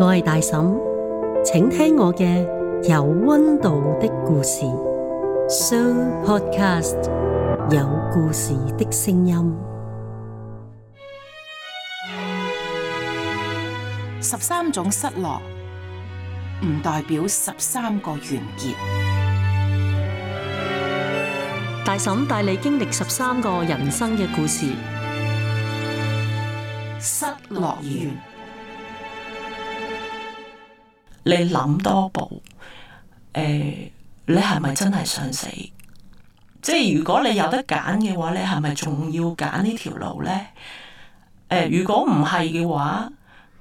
我係大嬸，請聽我嘅有温度的故事，Show Podcast，有故事的聲音。十三種失落，唔代表十三個完結。大嬸帶你經歷十三個人生嘅故事，失落完。你諗多步，誒、呃，你係咪真係想死？即係如果你有得揀嘅話，你係咪仲要揀呢條路呢？呃，如果唔係嘅話，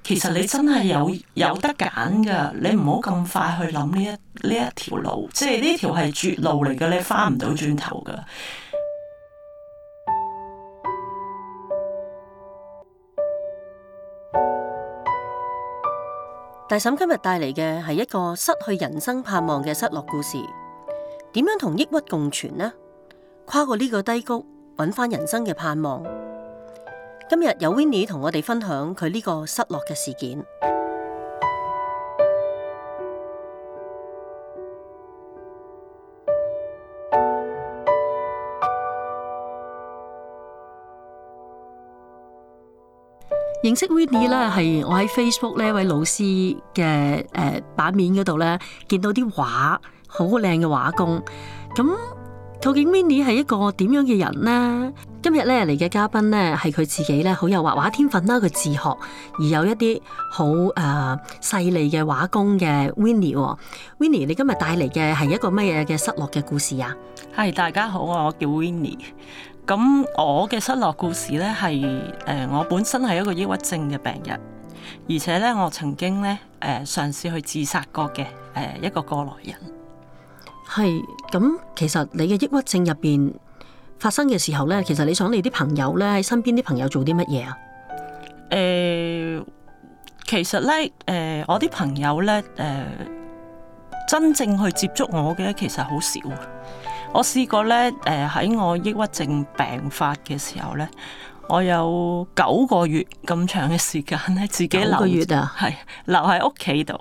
其實你真係有有得揀噶，你唔好咁快去諗呢一呢一條路，即係呢條係絕路嚟嘅，你翻唔到轉頭噶。大嬸今日帶嚟嘅係一個失去人生盼望嘅失落故事，點樣同抑鬱共存呢？跨過呢個低谷，揾翻人生嘅盼望。今日有 Winnie 同我哋分享佢呢個失落嘅事件。認識 Winnie 咧，係我喺 Facebook 呢位老師嘅誒、呃、版面嗰度咧見到啲畫，好靚嘅畫工。咁究竟 Winnie 係一個點樣嘅人呢？今日咧嚟嘅嘉賓咧係佢自己咧好有畫畫天分啦，佢自學而有一啲好誒細膩嘅畫工嘅 Winnie。Winnie，你今日帶嚟嘅係一個乜嘢嘅失落嘅故事啊？係，大家好，啊，我叫 Winnie 咁我嘅失落故事呢，係誒、呃、我本身係一個抑鬱症嘅病人，而且呢，我曾經呢，誒嘗試去自殺過嘅誒、呃、一個過來人，係。咁其實你嘅抑鬱症入邊發生嘅時候呢，其實你想你啲朋友呢，喺身邊啲朋友做啲乜嘢啊？誒、呃，其實呢，誒、呃、我啲朋友呢，誒、呃、真正去接觸我嘅其實好少啊。我試過咧，誒、呃、喺我抑鬱症病發嘅時候咧，我有九個月咁長嘅時間咧，自己留，九個月啊，係留喺屋企度，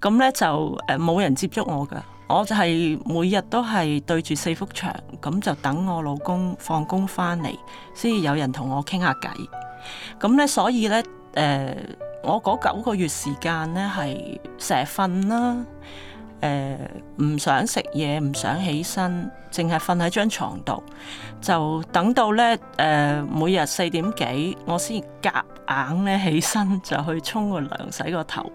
咁咧就誒冇人接觸我噶，我就係每日都係對住四幅牆，咁就等我老公放工翻嚟，先有人同我傾下偈。咁咧，所以咧，誒、呃、我嗰九個月時間咧，係成日瞓啦。誒唔、呃、想食嘢，唔想起身，淨係瞓喺張床度，就等到咧誒、呃、每日四點幾，我先夾硬咧起身就去沖個涼，洗個頭，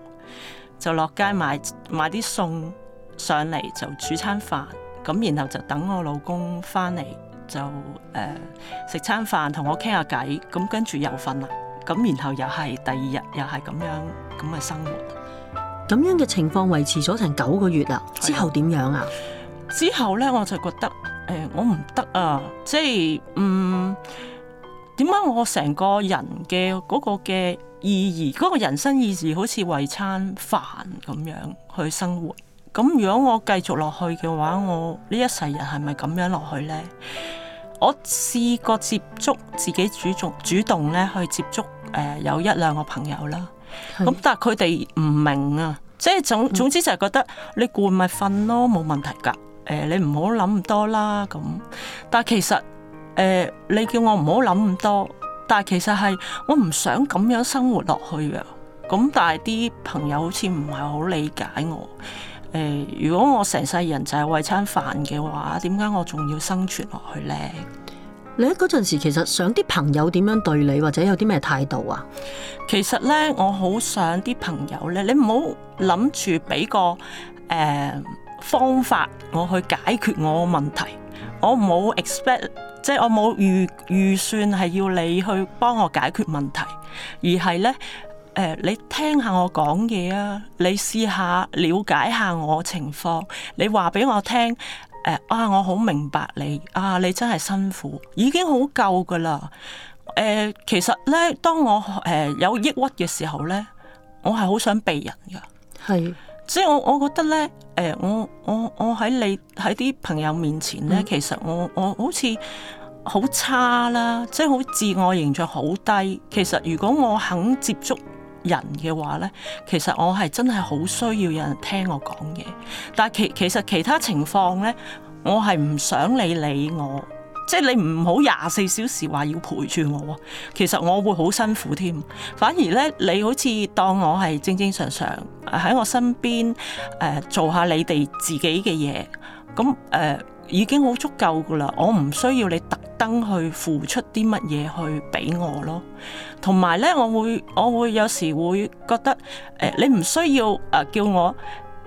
就落街買買啲餸上嚟就煮餐飯，咁然後就等我老公翻嚟就誒食餐飯，同我傾下偈，咁跟住又瞓啦，咁然後又係第二日又係咁樣咁嘅生活。咁樣嘅情況維持咗成九個月啦，之後點樣啊？之後呢，我就覺得，誒、呃，我唔得啊，即係，嗯，點解我成個人嘅嗰個嘅意義，嗰、嗰個人生意義，好似為餐飯咁樣去生活？咁如果我繼續落去嘅話，我呢一世人係咪咁樣落去呢？我試過接觸自己主動主動咧去接觸，誒，有一兩個朋友啦。咁但係佢哋唔明啊，即係總總之就係覺得你攰咪瞓咯，冇問題噶。誒、呃，你唔好諗咁多啦。咁但係其實誒、呃，你叫我唔好諗咁多，但係其實係我唔想咁樣生活落去噶。咁但係啲朋友好似唔係好理解我。誒、呃，如果我成世人就係為餐飯嘅話，點解我仲要生存落去咧？你喺嗰陣時，其實想啲朋友點樣對你，或者有啲咩態度啊？其實咧，我好想啲朋友咧，你唔好諗住俾個誒、呃、方法我去解決我問題，我唔好 expect，即係我冇預預算係要你去幫我解決問題，而係咧，誒、呃，你聽下我講嘢啊，你試下了解下我情況，你話俾我聽。誒啊！我好明白你啊，你真係辛苦，已經好夠㗎啦。誒、呃，其實咧，當我誒、呃、有抑鬱嘅時候咧，我係好想避人㗎，係是，即係我我覺得咧，誒、呃，我我我喺你喺啲朋友面前咧，嗯、其實我我好似好差啦，即係好自我形象好低。其實如果我肯接觸人嘅話咧，其實我係真係好需要有人聽我講嘢。但係其其實其他情況咧，我係唔想你理我，即係你唔好廿四小時話要陪住我。其實我會好辛苦添。反而咧，你好似當我係正正常常喺我身邊，誒、呃、做下你哋自己嘅嘢，咁誒。呃已經好足夠㗎喇，我唔需要你特登去付出啲乜嘢去俾我咯。同埋咧，我會我會有時會覺得，誒、呃，你唔需要誒、呃、叫我，誒、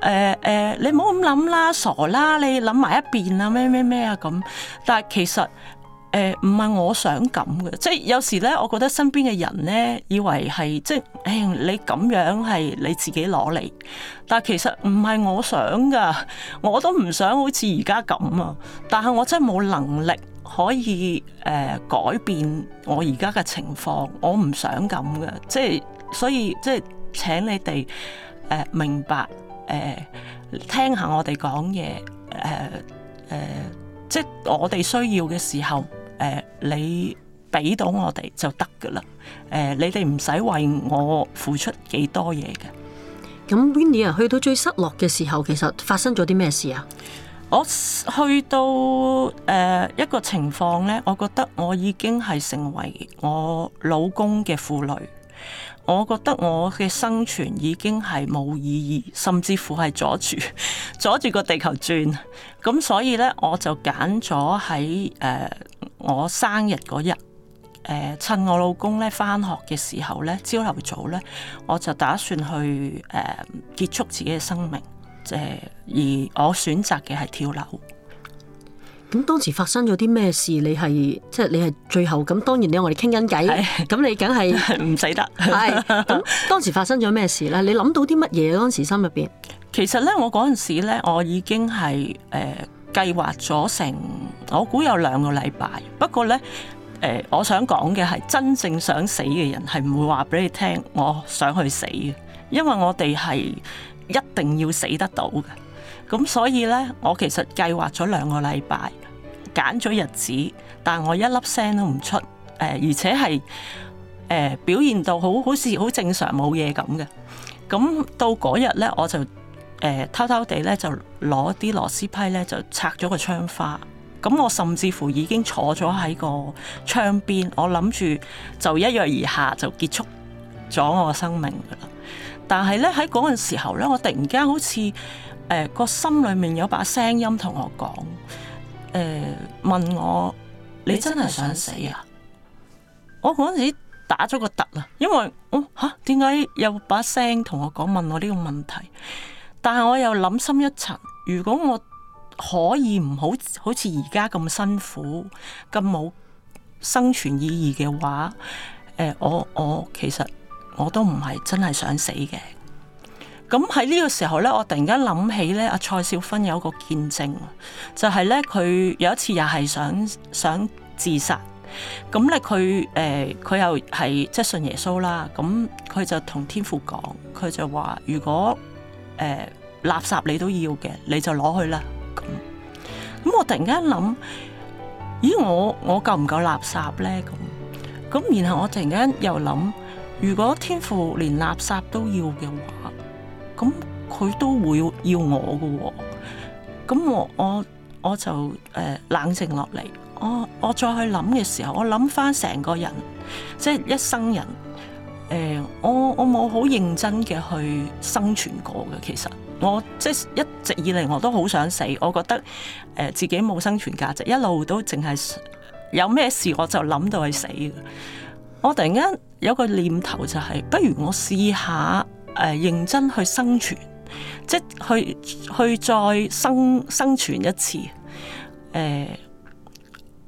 呃、誒、呃，你唔好咁諗啦，傻啦，你諗埋一邊啊，咩咩咩啊咁。但係其實。誒，唔係，呃、我想咁嘅，即係有時咧，我覺得身邊嘅人咧，以為係即係，誒、哎，你咁樣係你自己攞嚟，但係其實唔係我想噶，我都唔想好似而家咁啊，但係我真係冇能力可以誒、呃、改變我而家嘅情況，我唔想咁嘅，即係所以即係，請你哋誒、呃、明白，誒、呃、聽下我哋講嘢，誒、呃、誒。呃即我哋需要嘅時候，誒、呃，你俾到我哋就得噶啦。誒、呃，你哋唔使為我付出幾多嘢嘅。咁 Winnie 啊，去到最失落嘅時候，其實發生咗啲咩事啊？我去到誒、呃、一個情況呢，我覺得我已經係成為我老公嘅負累。我覺得我嘅生存已經係冇意義，甚至乎係阻住阻住個地球轉。咁所以呢，我就揀咗喺誒我生日嗰日、呃，趁我老公咧返學嘅時候呢，朝頭早呢，我就打算去誒、呃、結束自己嘅生命。即、呃、而我選擇嘅係跳樓。咁當時發生咗啲咩事？你係即係你係最後咁，當然你同我哋傾緊偈，咁的你梗係唔使得。係咁，當時發生咗咩事咧？你諗到啲乜嘢當時心入邊？其實咧，我嗰陣時咧，我已經係誒計劃咗成，我估有兩個禮拜。不過咧，誒、呃，我想講嘅係真正想死嘅人係唔會話俾你聽，我想去死嘅，因為我哋係一定要死得到嘅。咁所以咧，我其實計劃咗兩個禮拜。揀咗日子，但我一粒聲都唔出，誒、呃，而且係誒、呃、表現到好好似好正常冇嘢咁嘅。咁、嗯、到嗰日呢，我就誒、呃、偷偷地咧就攞啲螺絲批咧就拆咗個窗花。咁、嗯、我甚至乎已經坐咗喺個窗邊，我諗住就一躍而下就結束咗我嘅生命噶啦。但係呢，喺嗰陣時候呢，我突然間好似誒、呃、個心裏面有把聲音同我講。誒、呃，問我你真係想死啊？我嗰陣時打咗個突啊，因為，哦啊、為點解有把聲同我講問我呢個問題？但係我又諗深一層，如果我可以唔好好似而家咁辛苦、咁冇生存意義嘅話，誒、呃，我我其實我都唔係真係想死嘅。咁喺呢個時候咧，我突然間諗起咧，阿蔡少芬有一個見證，就係咧佢有一次又係想想自殺，咁咧佢誒佢又係即係信耶穌啦。咁佢就同天父講，佢就話如果誒、呃、垃圾你都要嘅，你就攞去啦。咁咁我突然間諗，咦，我我夠唔夠垃圾咧？咁咁然後我突然間又諗，如果天父連垃圾都要嘅話。咁佢都會要我嘅喎、哦，咁我我我就誒、呃、冷靜落嚟，我我再去諗嘅時候，我諗翻成個人，即係一生人，誒、呃，我我冇好認真嘅去生存過嘅，其實我即係一直以嚟我都好想死，我覺得誒、呃、自己冇生存價值，一路都淨係有咩事我就諗到去死嘅。我突然間有個念頭就係、是，不如我試下。誒、啊，認真去生存，即係去去再生生存一次，誒、啊，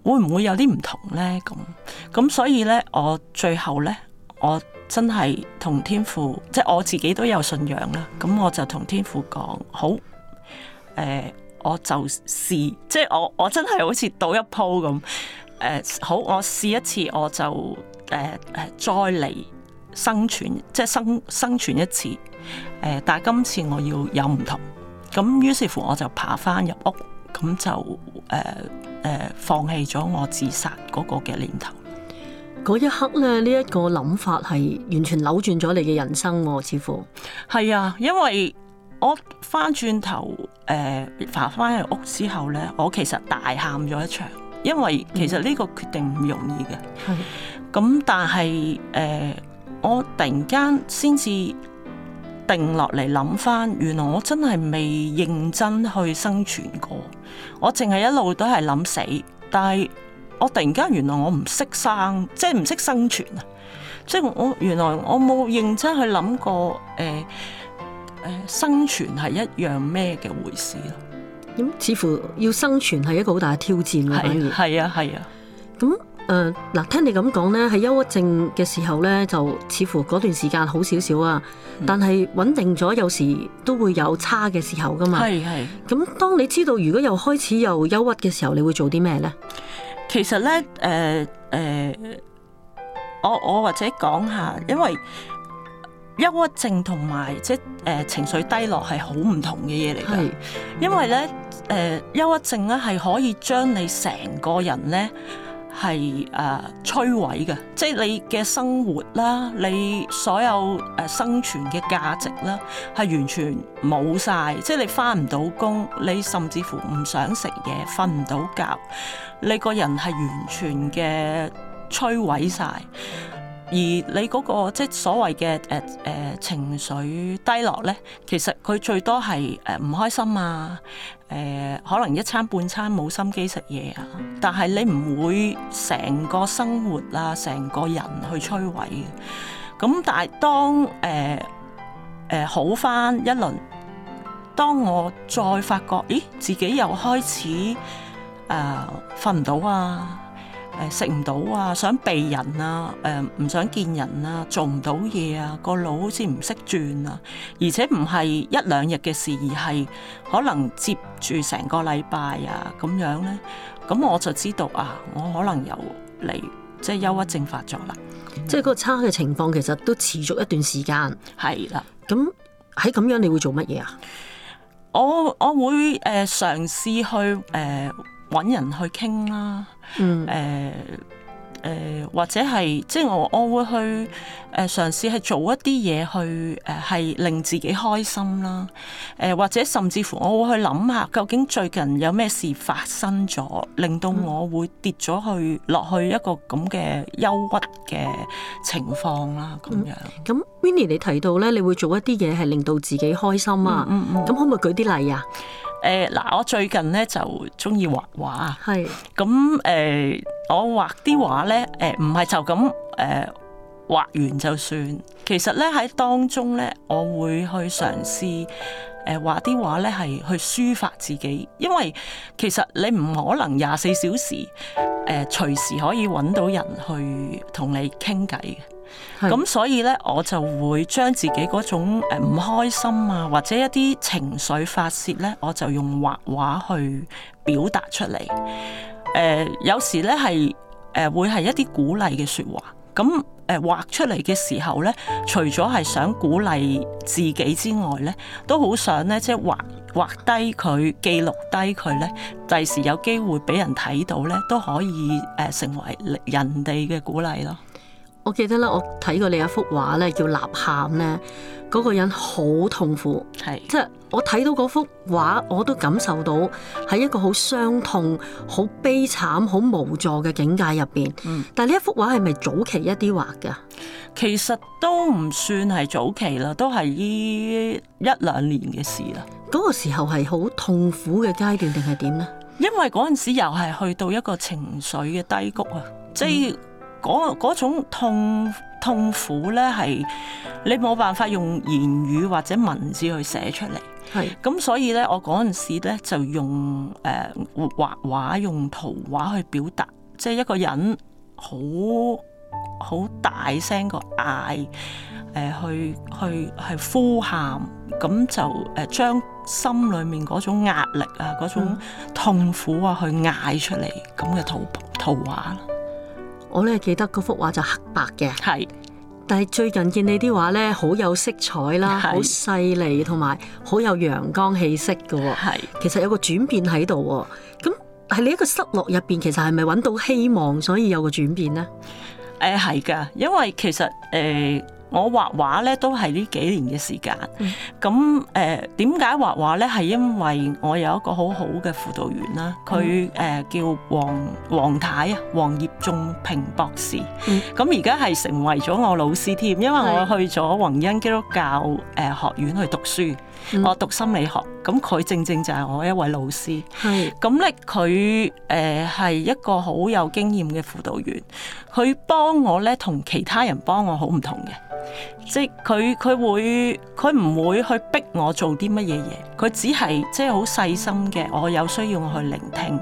會唔會有啲唔同咧？咁咁、啊，所以咧，我最後咧，我真係同天父，即係我自己都有信仰啦。咁我就同天父講，好，誒、啊，我就試，即係我我真係好似賭一鋪咁，誒、啊，好，我試一次，我就誒誒、啊、再嚟。生存即係生生存一次，誒、呃，但係今次我要有唔同咁，於是乎我就爬翻入屋，咁就誒誒、呃呃、放棄咗我自殺嗰個嘅念頭。嗰一刻咧，呢、這、一個諗法係完全扭轉咗你嘅人生，哦。似乎係啊，因為我翻轉頭誒、呃、爬翻入屋之後咧，我其實大喊咗一場，因為其實呢個決定唔容易嘅，係咁、嗯，但係誒。呃我突然間先至定落嚟諗翻，原來我真係未認真去生存過，我淨係一路都係諗死。但係我突然間，原來我唔識生，即係唔識生存啊！即係我原來我冇認真去諗過，誒、欸、誒，生存係一樣咩嘅回事咯？咁似乎要生存係一個好大嘅挑戰咯，反而係啊，係啊，咁。誒，嗱、呃，聽你咁講咧，係憂鬱症嘅時候咧，就似乎嗰段時間好少少啊。但係穩定咗，有時都會有差嘅時候噶嘛。係係、嗯。咁、嗯、當你知道如果又開始又憂鬱嘅時候，你會做啲咩咧？其實咧，誒、呃、誒、呃，我我或者講下，因為憂鬱症同埋即係誒情緒低落係好唔同嘅嘢嚟嘅。是因為咧，誒憂鬱症咧係可以將你成個人咧。係誒、呃、摧毀嘅，即係你嘅生活啦，你所有誒、呃、生存嘅價值啦，係完全冇晒。即係你翻唔到工，你甚至乎唔想食嘢，瞓唔到覺，你個人係完全嘅摧毀晒。而你嗰、那個即係所謂嘅誒誒情緒低落咧，其實佢最多係誒唔開心啊。誒、呃、可能一餐半餐冇心機食嘢啊，但係你唔會成個生活啊，成個人去摧毀嘅。咁、嗯、但係當誒誒、呃呃、好返一輪，當我再發覺，咦自己又開始誒瞓唔到啊！誒，食唔到啊，想避人啊，誒、呃，唔想見人啊，做唔到嘢啊，個腦好似唔識轉啊，而且唔係一兩日嘅事，而係可能接住成個禮拜啊咁樣咧，咁我就知道啊，我可能又嚟，即係憂鬱症發作啦，即係嗰個差嘅情況，其實都持續一段時間。係啦的，咁喺咁樣你會做乜嘢、呃呃、啊？我我會誒嘗試去誒搵人去傾啦。誒誒、嗯呃呃，或者係即係我，我會去誒嘗試係做一啲嘢去誒，係、呃、令自己開心啦。誒、呃、或者甚至乎，我會去諗下究竟最近有咩事發生咗，令到我會跌咗去落去一個咁嘅憂鬱嘅情況啦。咁樣。咁、嗯、Winnie 你提到咧，你會做一啲嘢係令到自己開心啊、嗯。嗯嗯。咁可唔可以舉啲例啊？誒嗱、呃，我最近咧就鍾意畫畫啊，咁誒是、嗯呃、我畫啲畫咧，誒唔係就咁誒、呃、畫完就算，其實咧喺當中咧，我會去嘗試誒、呃、畫啲畫咧係去抒發自己，因為其實你唔可能廿四小時誒、呃、隨時可以揾到人去同你傾偈嘅。咁所以咧，我就會將自己嗰種誒唔開心啊，或者一啲情緒發泄咧，我就用畫畫去表達出嚟。誒、呃，有時咧係誒會係一啲鼓勵嘅說話。咁、嗯、誒、呃、畫出嚟嘅時候咧，除咗係想鼓勵自己之外咧，都好想咧即係畫畫低佢，記錄低佢咧，第時有機會俾人睇到咧，都可以誒、呃、成為人哋嘅鼓勵咯。我記得咧，我睇過你一幅畫咧，叫《吶喊》咧，嗰、嗰個人好痛苦，係是即係我睇到嗰幅畫，我都感受到喺一個好傷痛、好悲慘、好無助嘅境界入邊。嗯，但係呢一幅畫係咪早期一啲畫㗎？其實都唔算係早期啦，都係依一兩年嘅事啦。嗰個時候係好痛苦嘅階段定係點咧？因為嗰陣時又係去到一個情緒嘅低谷啊，即係、嗯。嗰種痛痛苦咧，係你冇辦法用言語或者文字去寫出嚟，係咁是所以咧，我嗰陣時咧就用誒、呃、畫畫用圖畫去表達，即係一個人好好大聲個嗌誒去去去呼喊，咁就誒、呃、將心裡面嗰種壓力啊、嗰種痛苦啊去嗌出嚟咁嘅圖圖畫。我咧記得嗰幅畫就黑白嘅，係是。但係最近見你啲畫咧，好有色彩啦，好是細膩，同埋好有陽光氣息嘅喎。係是。其實有個轉變喺度喎。咁喺你一個失落入邊，其實係咪揾到希望，所以有個轉變咧？誒、呃，係㗎，因為其實誒、呃我畫畫咧都係呢幾年嘅時間，咁誒、點解畫畫咧係因為我有一個好好嘅輔導員啦，佢誒、嗯呃、叫黃黃太啊，黃葉仲平博士，咁而家係成為咗我老師添，因為我去咗宏恩基督教誒學院去讀書，嗯、我讀心理學，咁佢正正就係我一位老師，係咁咧佢誒係一個好有經驗嘅輔導員，佢幫我咧同其他人幫我好唔同嘅。即係佢，佢會佢唔會去逼我做啲乜嘢嘢，佢只係即係好細心嘅。我有需要我去聆聽，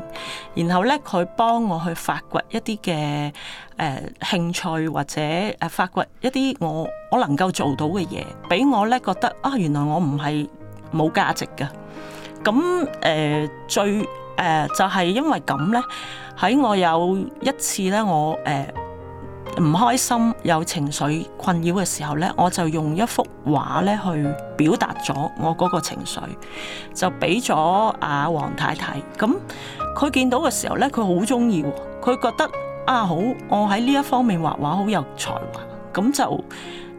然後咧佢幫我去發掘一啲嘅誒興趣或者誒發掘一啲我我能夠做到嘅嘢，俾我咧覺得啊，原來我唔係冇價值㗎。咁誒、呃、最誒、呃、就係、是、因為咁咧，喺我有一次咧，我誒。呃唔開心有情緒困擾嘅時候咧，我就用一幅畫咧去表達咗我個情緒，就俾咗阿黃太太。咁佢見到嘅時候咧，佢好中意，佢覺得啊好，我喺呢一方面畫畫好有才華，咁就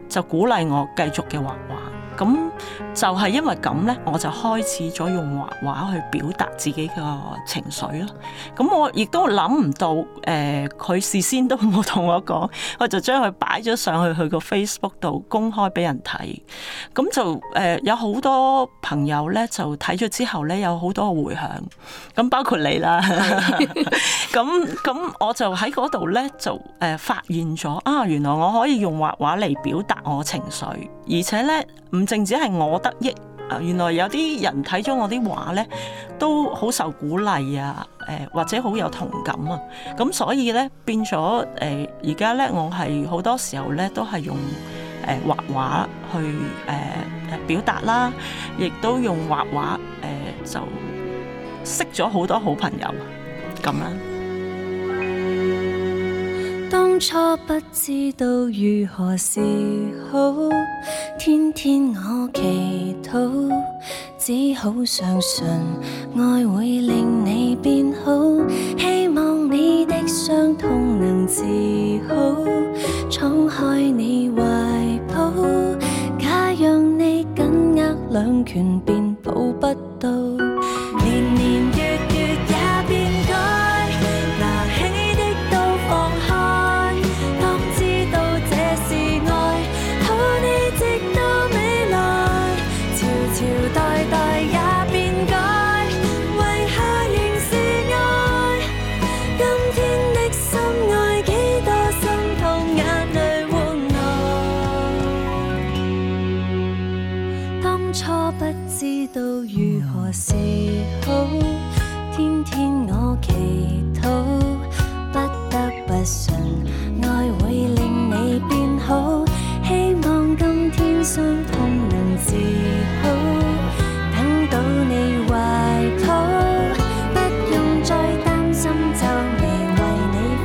就鼓勵我繼續嘅畫畫。咁、嗯、就係、是、因為咁咧，我就開始咗用畫畫去表達自己嘅情緒咯。咁、嗯、我亦都諗唔到，誒、呃、佢事先都冇同我講，我就將佢擺咗上去佢個 Facebook 度公開俾人睇。咁就誒有好多朋友咧，就睇咗之後咧，有好多回響，咁包括你啦。咁 咁、嗯嗯、我就喺嗰度咧，就誒、呃、發現咗啊，原來我可以用畫畫嚟表達我情緒，而且咧唔～淨止係我得益啊！原來有啲人睇咗我啲畫咧，都好受鼓勵啊！誒、呃，或者好有同感啊！咁所以咧，變咗誒，而家咧，我係好多時候咧，都係用誒、呃、畫畫去誒誒、呃、表達啦，亦都用畫畫誒、呃、就識咗好多好朋友咁樣。當初不知道如何是好，天天我祈禱，只好相信愛會令你變好，希望你的傷痛能治好，敞開你懷抱，假如你緊握兩拳便抱不到。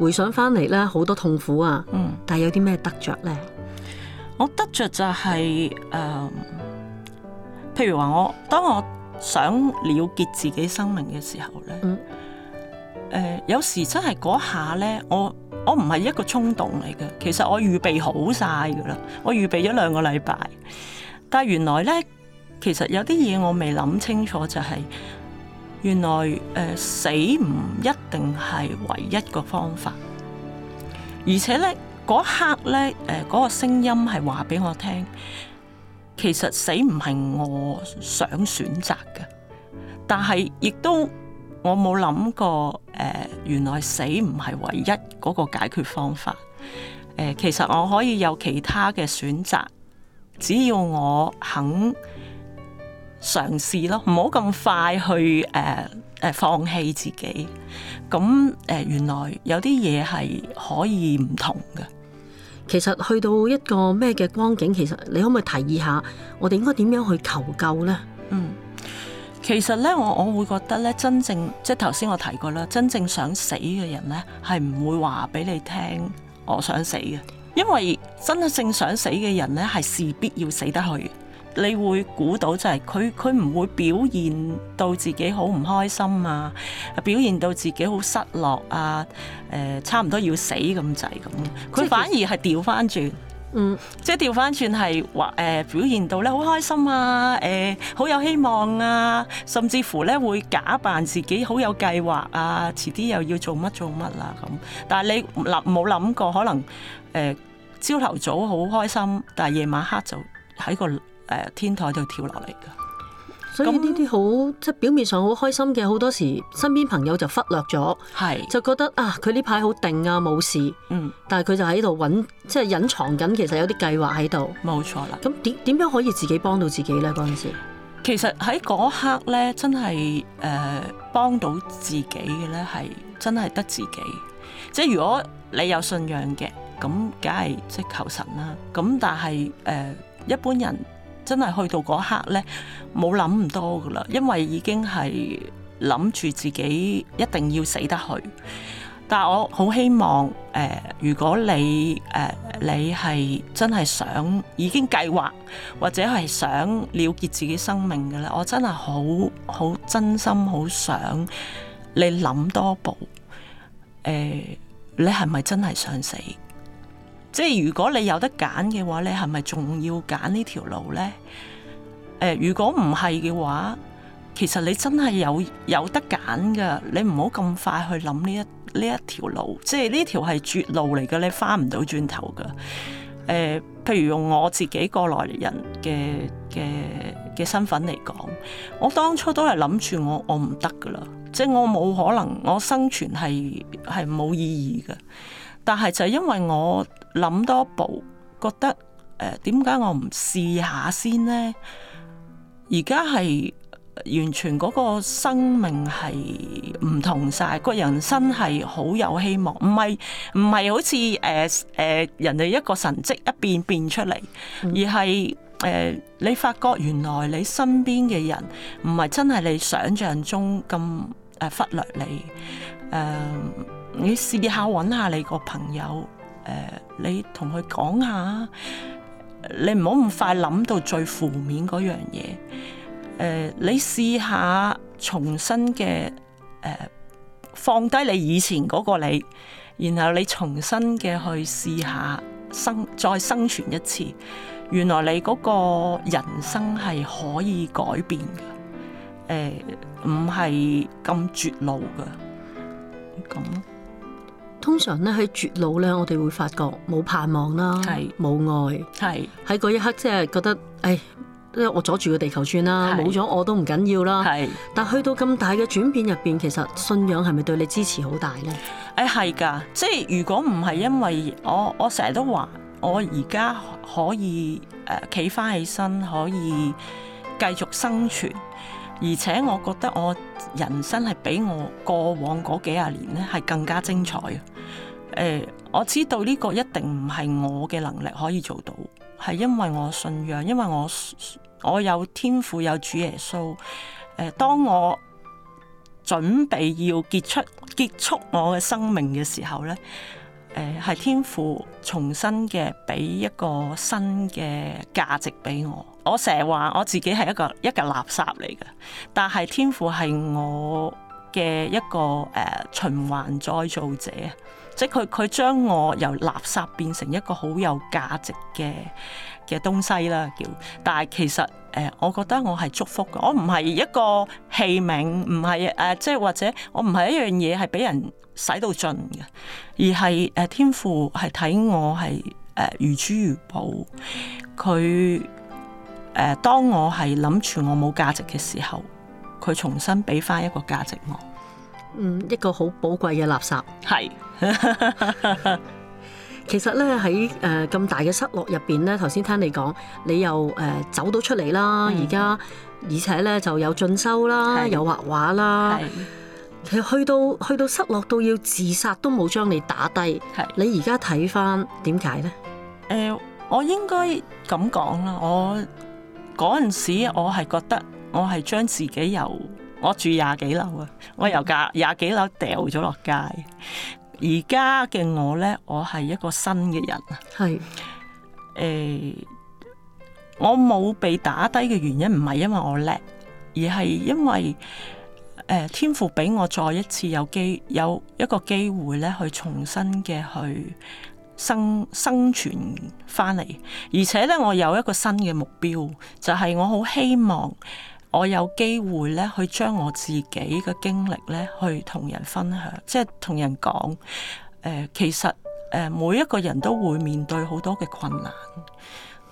回想翻嚟啦，好多痛苦啊！嗯，但係有啲咩得着咧？我得着就係、是、誒、呃，譬如話我當我想了結自己生命嘅時候咧，誒、嗯呃，有時真係嗰下咧，我我唔係一個衝動嚟嘅，其實我預備好晒噶啦，我預備咗兩個禮拜，但係原來咧，其實有啲嘢我未諗清楚就係、是。原來誒、呃、死唔一定係唯一個方法，而且咧，嗰刻咧，誒，嗰個聲音係話俾我聽，其實死唔係我想選擇嘅，但係亦都我冇諗過誒、呃、原來死唔係唯一嗰個解決方法。誒、呃、其實我可以有其他嘅選擇，只要我肯。嘗試咯，唔好咁快去誒誒、呃呃、放棄自己。咁、呃、誒原來有啲嘢係可以唔同嘅。其實去到一個咩嘅光景，其實你可唔可以提議下，我哋應該點樣去求救呢？嗯，其實咧，我我會覺得咧，真正即係頭先我提過啦，真正想死嘅人咧，係唔會話俾你聽我想死嘅，因為真正想死嘅人咧，係事必要死得去。你會估到就係佢，佢唔會表現到自己好唔開心啊，表現到自己好失落啊，誒、呃，差唔多要死咁滯咁。佢反而係調翻轉，嗯，即係調翻轉係話誒，表現到咧好開心啊，誒、呃，好有希望啊，甚至乎咧會假扮自己好有計劃啊，遲啲又要做乜做乜啊咁。但係你冇諗過，可能誒朝頭早好開心，但係夜晚黑就喺個誒天台度跳落嚟㗎，所以呢啲好即係表面上好開心嘅，好多時身邊朋友就忽略咗，係是就覺得啊，佢呢排好定啊，冇事，嗯，但係佢就喺度揾即係隱藏緊，其實有啲計劃喺度，冇錯啦。咁點點樣可以自己幫到自己呢？嗰陣時，其實喺嗰刻呢，真係誒、呃、幫到自己嘅呢，係真係得自己。即係如果你有信仰嘅，咁梗係即求神啦。咁但係誒、呃、一般人。真係去到嗰刻呢，冇諗唔多噶啦，因為已經係諗住自己一定要死得去。但係我好希望，誒、呃，如果你誒、呃、你係真係想，已經計劃或者係想了結自己生命噶啦，我真係好好真心好想你諗多步，誒、呃，你係咪真係想死？即係如果你有得揀嘅話，你係咪仲要揀呢條路呢？呃，如果唔係嘅話，其實你真係有有得揀噶，你唔好咁快去諗呢一呢一條路。即係呢條係絕路嚟嘅，你翻唔到轉頭噶。呃，譬如用我自己過來人嘅嘅嘅身份嚟講，我當初都係諗住我我唔得噶啦，即係我冇可能，我生存係係冇意義嘅。但係就係因為我諗多步，覺得誒，點解我唔試下先呢？而家係完全嗰個生命係唔同晒，個人生係好有希望，唔係唔係好似誒誒人哋一個神蹟一變變出嚟，嗯、而係誒、呃、你發覺原來你身邊嘅人唔係真係你想像中咁誒忽略你誒。呃你試下搵下你個朋友，誒、呃，你同佢講下，你唔好咁快諗到最負面嗰樣嘢，誒、呃，你試下重新嘅，誒、呃，放低你以前嗰個你，然後你重新嘅去試下生，生再生存一次，原來你嗰個人生係可以改變嘅，誒、呃，唔係咁絕路㗎，咁。通常咧喺絕路咧，我哋會發覺冇盼望啦，冇是愛，喺嗰是一刻即係覺得，誒，因為我阻住個地球轉啦，冇咗是我都唔緊要啦。係是，但去到咁大嘅轉變入邊，其實信仰係咪對你支持好大咧？誒係㗎，即係如果唔係因為我，我成日都話我而家可以誒企翻起身，可以繼續生存。而且我覺得我人生係比我過往嗰幾廿年咧係更加精彩。誒、呃、我知道呢個一定唔係我嘅能力可以做到，係因為我信仰，因為我我有天父有主耶穌誒、呃、當我準備要結束結束我嘅生命嘅時候咧，誒、呃、係天父重新嘅俾一個新嘅價值俾我。我成日話我自己係一個一,一個垃圾嚟嘅，但係天父係我嘅一個誒循環再造者，即係佢佢將我由垃圾變成一個好有價值嘅嘅東西啦。叫，但係其實誒、呃，我覺得我係祝福嘅，我唔係一個器皿，唔係誒，即係或者我唔係一樣嘢係俾人使到盡嘅，而係誒、呃、天父係睇我係誒、呃、如珠如寶，佢。誒，當我係諗住我冇價值嘅時候，佢重新俾翻一個價值我。嗯，一個好寶貴嘅垃圾。係是， 其實咧喺誒咁大嘅失落入邊咧，頭先聽你講，你又誒、呃、走到出嚟啦，而家、嗯、而且咧就有進修啦，是有畫畫啦。是其實去到去到失落到要自殺都冇將你打低。係是，你而家睇翻點解咧？誒、呃，我應該咁講啦，我。嗰陣時，我係覺得我係將自己由我住廿幾樓啊，我由廿幾樓掉咗落街。而家嘅我呢，我係一個新嘅人啊。係是、欸，我冇被打低嘅原因唔係因為我叻，而係因為、呃、天父俾我再一次有機有一個機會呢，去重新嘅去。生生存翻嚟，而且咧，我有一個新嘅目標，就係我好希望我有機會咧，去將我自己嘅經歷咧，去同人分享，即係同人講，誒，其實誒，每一個人都會面對好多嘅困難，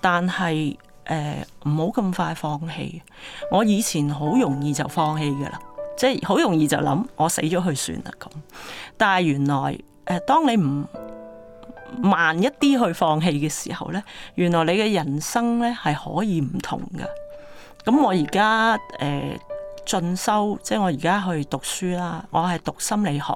但係誒，唔好咁快放棄。我以前好容易就放棄噶啦，即係好容易就諗我死咗去算啦咁。但係原來誒，當你唔慢一啲去放棄嘅時候呢，原來你嘅人生呢係可以唔同㗎。咁我而家誒進修，即係我而家去讀書啦。我係讀心理學，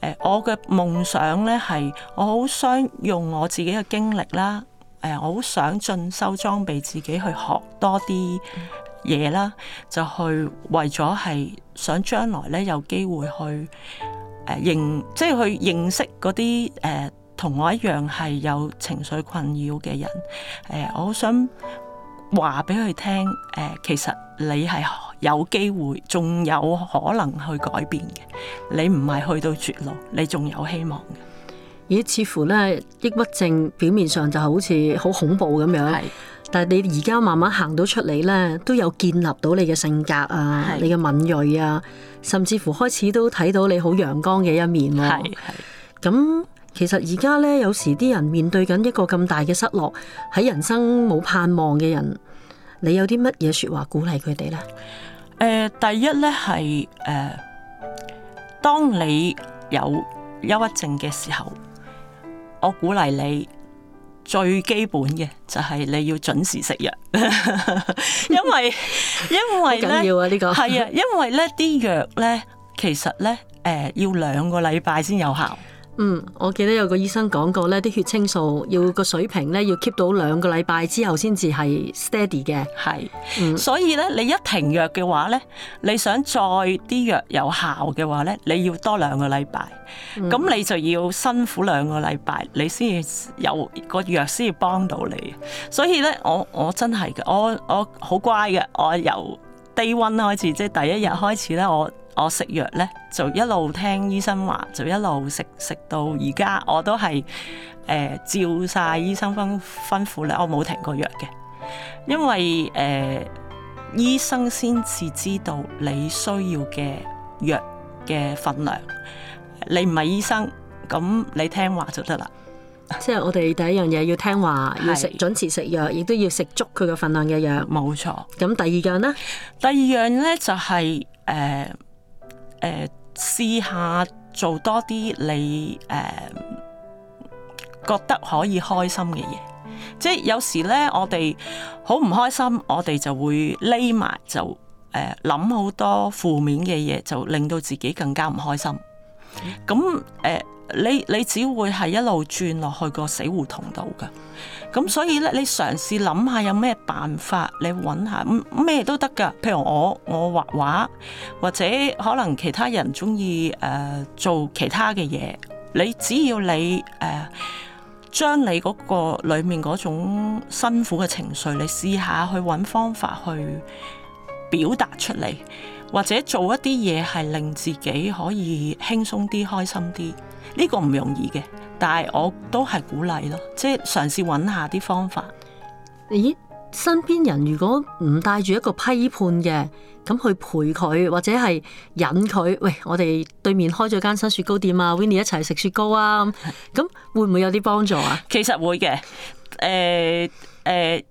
呃、我嘅夢想呢係我好想用我自己嘅經歷啦，誒、呃、我好想進修裝備自己去學多啲嘢啦，就去為咗係想將來呢有機會去誒、呃、認，即係去認識嗰啲誒。呃同我一樣係有情緒困擾嘅人，誒，我好想話俾佢聽，誒，其實你係有機會，仲有可能去改變嘅，你唔係去到絕路，你仲有希望嘅。咦？似乎咧，抑鬱症表面上就好似好恐怖咁樣，是但係你而家慢慢行到出嚟咧，都有建立到你嘅性格啊，是你嘅敏鋭啊，甚至乎開始都睇到你好陽光嘅一面喎、啊。係係，咁。其實而家咧，有時啲人面對緊一個咁大嘅失落，喺人生冇盼望嘅人，你有啲乜嘢說話鼓勵佢哋咧？誒、呃，第一咧係誒，當你有憂鬱症嘅時候，我鼓勵你最基本嘅就係你要準時食藥， 因為 緊要、啊、因為咧呢這個係啊，因為咧啲藥咧其實咧誒、呃、要兩個禮拜先有效。嗯，我記得有個醫生講過咧，啲血清素要個水平咧要 keep 到兩個禮拜之後先至係 steady 嘅。係、嗯，所以咧你一停藥嘅話咧，你想再啲藥有效嘅話咧，你要多兩個禮拜，咁、嗯、你就要辛苦兩個禮拜，你先有由、嗰個藥先要幫到你。所以咧，我我真係嘅，我我好乖嘅，我由 day one 開始，即、就、係、是、第一日開始咧，嗯、我。我食藥咧，就一路聽醫生話，就一路食食到而家，我都係誒、呃、照晒醫生吩吩咐咧，我冇停過藥嘅。因為誒、呃、醫生先至知道你需要嘅藥嘅份量，你唔係醫生，咁你聽話就得啦。即係我哋第一樣嘢，要聽話，是要食準時食藥，亦都要食足佢嘅份量嘅藥。冇錯錯。咁第二樣咧？第二樣咧就係、是、誒。呃誒，試下做多啲你誒、uh, 覺得可以開心嘅嘢，即係有時咧，我哋好唔開心，我哋就會匿埋就誒諗好多負面嘅嘢，就令到自己更加唔開心。咁誒。Uh, 你你只會係一路轉落去個死胡同度㗎，咁所以咧，你嘗試諗下有咩辦法，你揾下，咩都得㗎。譬如我我畫畫，或者可能其他人中意誒做其他嘅嘢。你只要你誒、呃、將你嗰個裡面嗰種辛苦嘅情緒，你試下去揾方法去表達出嚟，或者做一啲嘢係令自己可以輕鬆啲、開心啲。呢個唔容易嘅，但係我都係鼓勵咯，即係嘗試揾下啲方法。咦，身邊人如果唔帶住一個批判嘅咁去陪佢，或者係引佢，喂，我哋對面開咗間新雪糕店啊，Winnie 一齊食雪糕啊，咁會唔會有啲幫助啊？ 其實會嘅，誒、呃、誒、呃，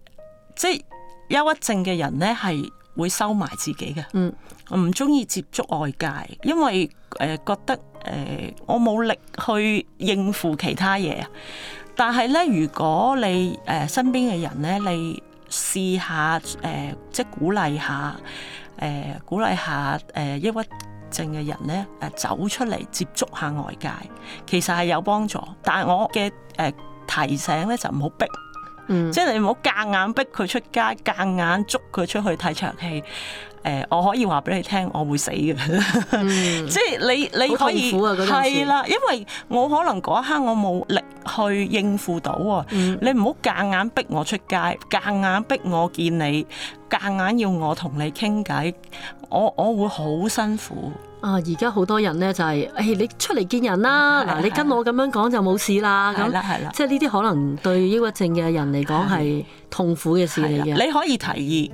即係憂鬱症嘅人咧係會收埋自己嘅，嗯，我唔中意接觸外界，因為誒、呃、覺得。誒、呃，我冇力去應付其他嘢啊！但係咧，如果你誒、呃、身邊嘅人咧，你試下誒，即係鼓勵下誒、呃，鼓勵下誒、呃、抑鬱症嘅人咧，誒走出嚟接觸下外界，其實係有幫助。但係我嘅誒、呃、提醒咧，就唔好逼，嗯、即係你唔好夾硬逼佢出街，夾硬捉佢出去睇場戲。誒，我可以話俾你聽，我會死嘅， 即係你你可以係啦，因為我可能嗰一刻我冇力去應付到喎。嗯、你唔好夾硬逼我出街，夾硬逼我見你，夾硬要我同你傾偈，我我會好辛苦。啊！而家好多人咧就係、係，誒、欸、你出嚟見人啦，嗱係嘅你跟我咁樣講就冇事啦，咁即係呢啲可能對抑鬱症嘅人嚟講係痛苦嘅事嚟嘅。你可以提議，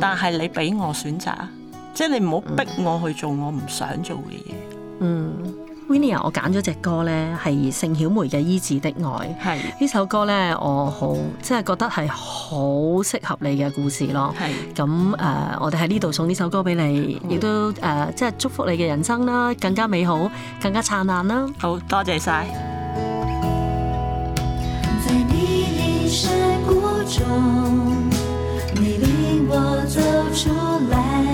但係你俾我選擇，嗯、即係你唔好逼我去做我唔想做嘅嘢、嗯。嗯。Winny 啊，Win nie，我揀咗隻歌咧，係盛曉梅嘅《醫治的愛》。係呢是首歌咧，我好即係覺得係好適合你嘅故事咯。係咁誒，我哋喺呢度送呢首歌俾你，亦好都誒即係祝福你嘅人生啦，更加美好，更加燦爛啦。好多謝晒。